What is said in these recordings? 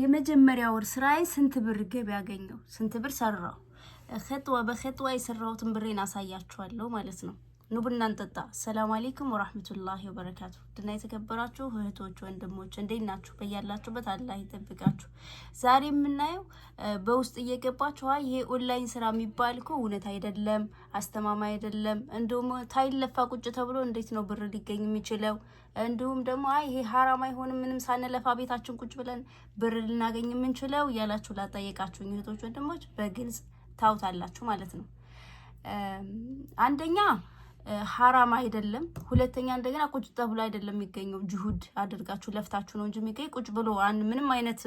የመጀመሪያ ወር ስራይ ስንት ብር ገቢ ያገኘው ስንት ብር ሰራው፣ ከጥዋ በከጥዋ የሰራሁትን ብሬን አሳያችኋለሁ ማለት ነው። ኑ ቡና እንጠጣ። ሰላም አሌይኩም ወራህመቱላሂ ወበረካቱ። ድና የተከበራችሁ እህቶች ወንድሞች እንዴት ናችሁ? በያላችሁበት አላህ ይጠብቃችሁ። ዛሬ የምናየው በውስጥ እየገባችሁ ይሄ ኦንላይን ስራ የሚባል እኮ እውነት አይደለም፣ አስተማማኝ አይደለም፣ እንዲሁም ታይለፋ ቁጭ ተብሎ እንዴት ነው ብር ሊገኝ የሚችለው? እንዲሁም ደግሞ አይ ይሄ ሀራም አይሆንም ምንም ሳንለፋ ቤታችን ቁጭ ብለን ብር ልናገኝ የምንችለው እያላችሁ ላጠየቃችሁኝ እህቶች ወንድሞች በግልጽ ታውታላችሁ ማለት ነው። አንደኛ ሀራም አይደለም። ሁለተኛ እንደገና ቁጭ ተብሎ አይደለም የሚገኘው። ጅሁድ አድርጋችሁ ለፍታችሁ ነው እንጂ የሚገኝ ቁጭ ብሎ ምንም አይነት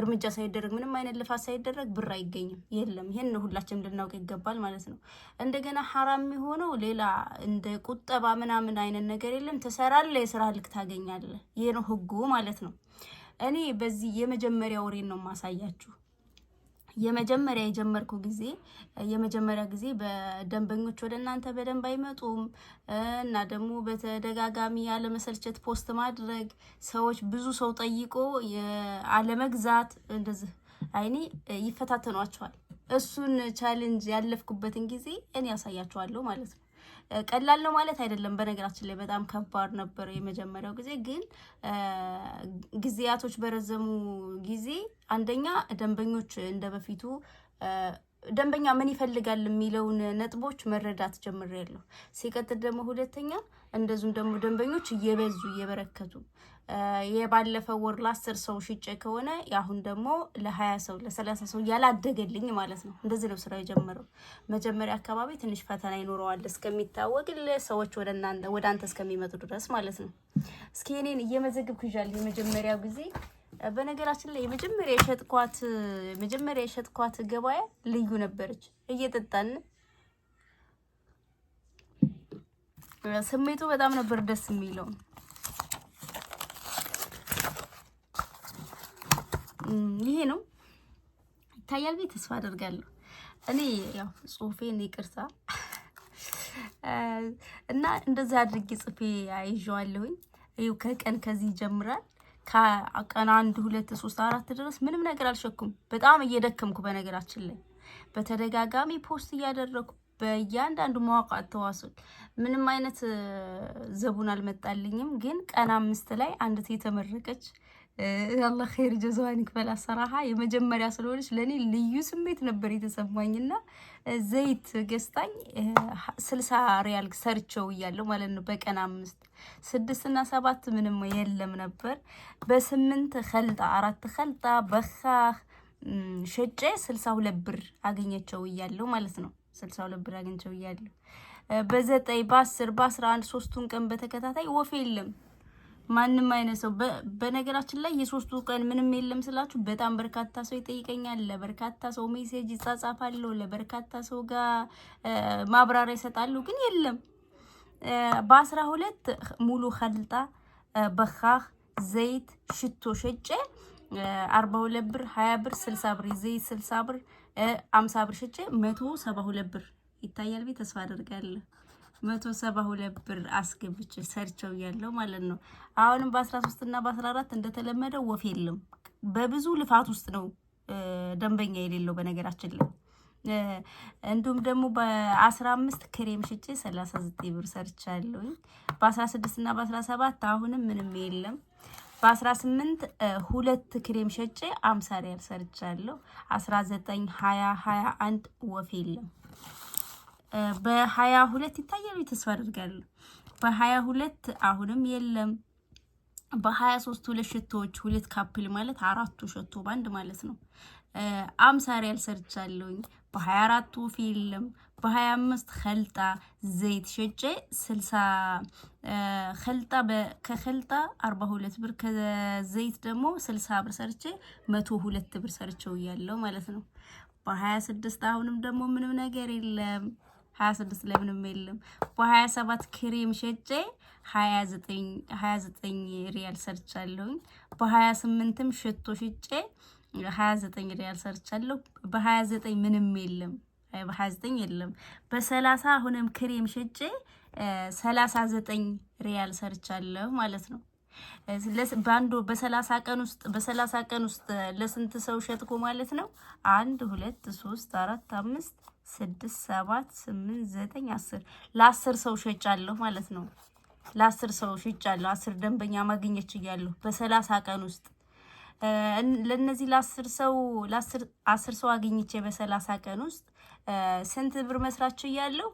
እርምጃ ሳይደረግ ምንም አይነት ልፋት ሳይደረግ ብር አይገኝም፣ የለም። ይህን ሁላችንም ልናውቅ ይገባል ማለት ነው። እንደገና ሀራም የሚሆነው ሌላ እንደ ቁጠባ ምናምን አይነት ነገር የለም። ትሰራለህ፣ የስራ ልክ ታገኛለህ። ይህ ነው ህጉ ማለት ነው። እኔ በዚህ የመጀመሪያ ወሬን ነው ማሳያችሁ። የመጀመሪያ የጀመርኩ ጊዜ የመጀመሪያ ጊዜ በደንበኞች ወደ እናንተ በደንብ አይመጡም እና ደግሞ በተደጋጋሚ ያለመሰልቸት ፖስት ማድረግ ሰዎች ብዙ ሰው ጠይቆ አለመግዛት እንደዚህ አይኔ ይፈታተኗቸዋል። እሱን ቻሌንጅ ያለፍኩበትን ጊዜ እኔ ያሳያቸዋለሁ ማለት ነው። ቀላል ነው ማለት አይደለም። በነገራችን ላይ በጣም ከባድ ነበር የመጀመሪያው ጊዜ። ግን ጊዜያቶች በረዘሙ ጊዜ አንደኛ ደንበኞች እንደ በፊቱ ደንበኛ ምን ይፈልጋል የሚለውን ነጥቦች መረዳት ጀምሬያለሁ። ሲቀጥል ደግሞ ሁለተኛ እንደዚሁም ደግሞ ደንበኞች እየበዙ እየበረከቱ የባለፈው ወር ለአስር ሰው ሽጬ ከሆነ አሁን ደግሞ ለሀያ ሰው ለሰላሳ ሰው ያላደገልኝ ማለት ነው። እንደዚህ ነው ስራ የጀመረው። መጀመሪያ አካባቢ ትንሽ ፈተና ይኖረዋል እስከሚታወቅ ሰዎች ወደ አንተ እስከሚመጡ ድረስ ማለት ነው። እስኪ እኔን እየመዘግብ ክዣል የመጀመሪያው ጊዜ በነገራችን ላይ የመጀመሪያ የሸጥኳት መጀመሪያ የሸጥኳት ገበያ ልዩ ነበረች። እየጠጣን ስሜቱ በጣም ነበር ደስ የሚለው። ይሄ ነው ይታያል ቤት ተስፋ አደርጋለሁ። እኔ ያው ጽሁፌን ይቅርታ እና እንደዛ አድርጌ ጽፌ አይዤዋለሁኝ። ይኸው ከቀን ከዚህ ይጀምራል ከቀን አንድ ሁለት ሶስት አራት ድረስ ምንም ነገር አልሸኩም። በጣም እየደከምኩ በነገራችን ላይ በተደጋጋሚ ፖስት እያደረኩ በእያንዳንዱ መዋቅር ተዋስል ምንም አይነት ዘቡን አልመጣልኝም። ግን ቀን አምስት ላይ አንድት የተመረቀች አላህ ኸይር ጀዛዋን ይክፈል። አሰራሃ የመጀመሪያ ስለሆነች ለእኔ ልዩ ስሜት ነበር የተሰማኝና ዘይት ገዝታኝ ስልሳ ሪያል ሰርቸው እያለሁ ማለት ነው በቀን አምስት ስድስት ሰባት ምንም የለም ነበር። በስምንት ከልጣ አራት ከልጣ በካህ ሸጬ ስልሳ ሁለት ብር አገኘቸው እያለሁ ማለት ነው ስልሳ ሁለት ብር አገኘቸው እያለሁ በዘጠኝ በአስር በአስራ አንድ ሶስቱን ቀን በተከታታይ ወፍ የለም ማንም አይነት ሰው በነገራችን ላይ የሶስቱ ቀን ምንም የለም ስላችሁ፣ በጣም በርካታ ሰው ይጠይቀኛል። ለበርካታ ሰው ሜሴጅ ይጻጻፋለሁ። ለበርካታ ሰው ጋር ማብራሪያ ይሰጣለሁ። ግን የለም በአስራ ሁለት ሙሉ ከልጣ በካህ ዘይት ሽቶ ሸጬ አርባ ሁለት ብር ሀያ ብር ስልሳ ብር ዘይት ስልሳ ብር አምሳ ብር ሸጬ መቶ ሰባ ሁለት ብር ይታያል ቤ ተስፋ አደርጋለሁ። መቶ ሰባ ሁለት ብር አስገብቼ ሰርቸው ያለው ማለት ነው። አሁንም በአስራ ሶስት እና በአስራ አራት እንደተለመደው ወፍ የለም። በብዙ ልፋት ውስጥ ነው ደንበኛ የሌለው በነገራችን ላይ እንዲሁም ደግሞ በአስራ አምስት ክሬም ሽጬ ሰላሳ ዘጠኝ ብር ሰርቻለሁ። በአስራ ስድስት እና በአስራ ሰባት አሁንም ምንም የለም። በአስራ ስምንት ሁለት ክሬም ሸጬ አምሳ ሪያል ሰርቻለሁ። አስራ ዘጠኝ ሀያ ሀያ አንድ ወፍ የለም። በሀያ ሁለት ይታያሉ ተስፋ አድርጋለሁ። በሀያ ሁለት አሁንም የለም። በሀያ ሶስት ሁለት ሽቶዎች ሁለት ካፕል ማለት አራቱ ሽቶ በአንድ ማለት ነው። አምሳ ሪያል ሰርቻለሁኝ። በሀያ አራቱ ፊልም በሀያ አምስት ከልጣ ዘይት ሸጬ ስልሳ ከልጣ ከከልጣ አርባ ሁለት ብር ከዘይት ደግሞ ስልሳ ብር ሰርቼ መቶ ሁለት ብር ሰርቼው እያለው ማለት ነው። በሀያ ስድስት አሁንም ደግሞ ምንም ነገር የለም። ሀያ ስድስት ላይ ምንም የለም። በሀያ ሰባት ክሬም ሸጬ ሀያ ዘጠኝ ሪያል ሰርቻለሁኝ። በሀያ ስምንትም ሽቶ ሽጬ ሀያ ዘጠኝ ሪያል ሰርቻለሁ። በሀያ ዘጠኝ ምንም የለም። በሀያ ዘጠኝ የለም። በሰላሳ አሁንም ክሬም ሸጬ ሰላሳ ዘጠኝ ሪያል ሰርቻለሁ ማለት ነው። በአንዱ በሰላሳ ቀን ውስጥ በሰላሳ ቀን ውስጥ ለስንት ሰው ሸጥኩ ማለት ነው? አንድ ሁለት ሶስት አራት አምስት ስድስት ሰባት ስምንት ዘጠኝ አስር ለአስር ሰው ሸጫለሁ ማለት ነው። ለአስር ሰው ሸጫለሁ። አስር ደንበኛ ማግኘት እያለሁ በሰላሳ ቀን ውስጥ ለነዚህ ለአስር ሰው ለአስር አስር ሰው አግኝቼ በሰላሳ ቀን ውስጥ ስንት ብር መስራች እያለሁ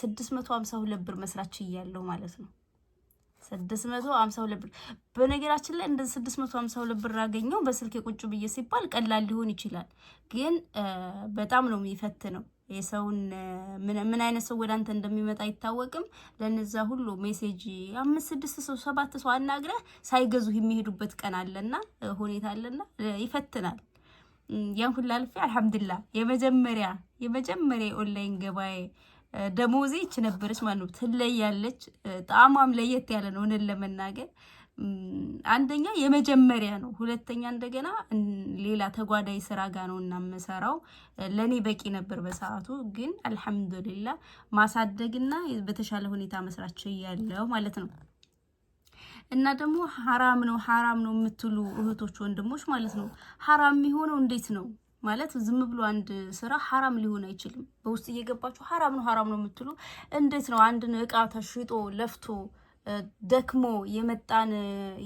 ስድስት መቶ ሀምሳ ሁለት ብር መስራች እያለሁ ማለት ነው። ስድስት መቶ ሀምሳ ሁለት ብር በነገራችን ላይ እንደ ስድስት መቶ ሀምሳ ሁለት ብር አገኘው በስልክ ቁጭ ብዬ ሲባል ቀላል ሊሆን ይችላል፣ ግን በጣም ነው የሚፈትነው። የሰውን ምን ምን አይነት ሰው ወደ አንተ እንደሚመጣ አይታወቅም። ለነዛ ሁሉ ሜሴጅ አምስት ስድስት ሰው ሰባት ሰው አናግረህ ሳይገዙ የሚሄዱበት ቀን አለና ሁኔታ አለና ይፈትናል። ያን ሁሉ አልፌ አልሐምዱላ የመጀመሪያ የመጀመሪያ ኦንላይን ገበያ ደሞዜ ይች ነበረች ማለት ነው። ትለያለች። ጣዕሟም ለየት ያለ ነው እውነት ለመናገር አንደኛ የመጀመሪያ ነው። ሁለተኛ እንደገና ሌላ ተጓዳይ ስራ ጋር ነው እናመሰራው። ለእኔ በቂ ነበር በሰዓቱ ግን አልሐምዱሊላ ማሳደግና በተሻለ ሁኔታ መስራት ችያለሁ ማለት ነው። እና ደግሞ ሀራም ነው ሀራም ነው የምትሉ እህቶች ወንድሞች ማለት ነው። ሀራም የሚሆነው እንዴት ነው ማለት ዝም ብሎ አንድ ስራ ሀራም ሊሆን አይችልም። በውስጥ እየገባችሁ ሀራም ነው ሀራም ነው የምትሉ እንዴት ነው አንድን እቃ ተሽጦ ለፍቶ ደክሞ የመጣን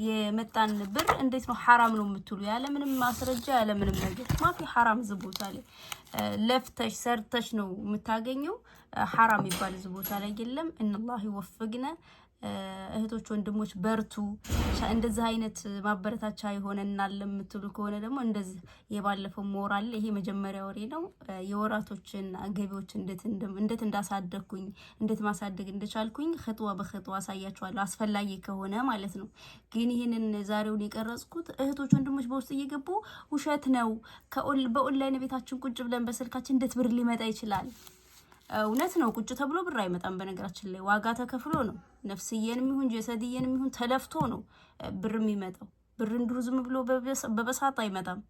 የመጣን ብር እንዴት ነው ሐራም ነው የምትሉ? ያለምንም ማስረጃ ያለምንም ነገር ማፊ ሐራም እዚህ ቦታ ላይ ለፍተሽ ሰርተሽ ነው የምታገኘው። ሐራም ይባል እዚህ ቦታ ላይ የለም። እንላህ ይወፍግነ እህቶች ወንድሞች በርቱ። እንደዚህ አይነት ማበረታቻ እናለ የምትሉ ከሆነ ደግሞ እንደዚህ የባለፈው ሞራል ይሄ መጀመሪያ ወሬ ነው። የወራቶችን ገቢዎች እንዴት እንዳሳደግኩኝ እንዴት ማሳደግ እንደቻልኩኝ ህጥዋ በህጥዋ አሳያችኋለሁ፣ አስፈላጊ ከሆነ ማለት ነው። ግን ይህንን ዛሬውን የቀረጽኩት እህቶች ወንድሞች በውስጥ እየገቡ ውሸት ነው፣ በኦንላይን ቤታችን ቁጭ ብለን በስልካችን እንዴት ብር ሊመጣ ይችላል እውነት ነው። ቁጭ ተብሎ ብር አይመጣም። በነገራችን ላይ ዋጋ ተከፍሎ ነው። ነፍስዬንም ይሁን ጀሰድዬንም ይሁን ተለፍቶ ነው ብር የሚመጣው። ብር እንዲሁ ዝም ብሎ በበሳት አይመጣም።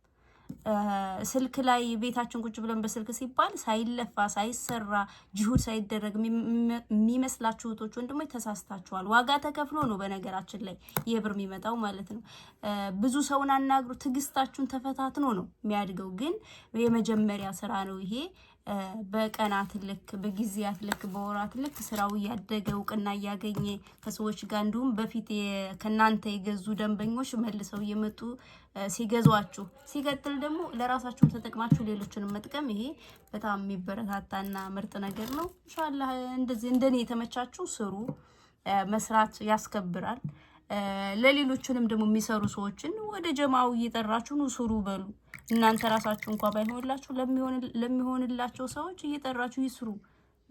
ስልክ ላይ ቤታችን ቁጭ ብለን በስልክ ሲባል ሳይለፋ ሳይሰራ ጅሁድ ሳይደረግ የሚመስላችሁ እህቶች ወንድሞች ተሳስታችኋል። ዋጋ ተከፍሎ ነው በነገራችን ላይ ይህ ብር የሚመጣው ማለት ነው። ብዙ ሰውን አናግሩ። ትዕግስታችሁን ተፈታትኖ ነው የሚያድገው። ግን የመጀመሪያ ስራ ነው ይሄ። በቀናት ልክ በጊዜያት ልክ በወራት ልክ ስራው እያደገ እውቅና እያገኘ ከሰዎች ጋር እንዲሁም በፊት ከእናንተ የገዙ ደንበኞች መልሰው እየመጡ ሲገዟችሁ፣ ሲቀጥል ደግሞ ለራሳችሁም ተጠቅማችሁ ሌሎችንም መጥቀም ይሄ በጣም የሚበረታታና ምርጥ ነገር ነው። እንሻላ እንደዚህ እንደኔ የተመቻችሁ ስሩ። መስራት ያስከብራል። ለሌሎችንም ደግሞ የሚሰሩ ሰዎችን ወደ ጀማው እየጠራችሁ ኑ ስሩ በሉ። እናንተ ራሳችሁ እንኳ ባይሆንላችሁ ለሚሆንላቸው ሰዎች እየጠራችሁ ይስሩ።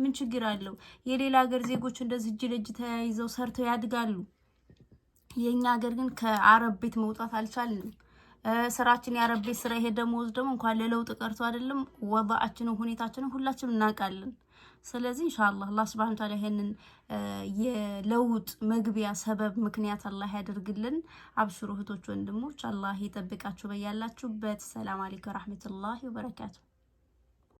ምን ችግር አለው? የሌላ ሀገር ዜጎች እንደዚህ እጅ ለእጅ ተያይዘው ሰርተው ያድጋሉ። የእኛ ሀገር ግን ከአረብ ቤት መውጣት አልቻልንም። ስራችን ያረቤ ስራ ይሄ ደመወዝ ደግሞ እንኳን ለለውጥ ቀርቶ አይደለም ወባአችንን ሁኔታችንን ሁላችንም እናውቃለን። ስለዚህ ኢንሻአላህ አላህ ሱብሐነሁ ወተዓላ ይሄንን የለውጥ መግቢያ ሰበብ ምክንያት አላህ ያደርግልን። አብሽሩ እህቶች ወንድሞች፣ አላህ ይጠብቃችሁ በያላችሁበት። ሰላም አለይኩም ወራህመቱላሂ ወበረካቱ።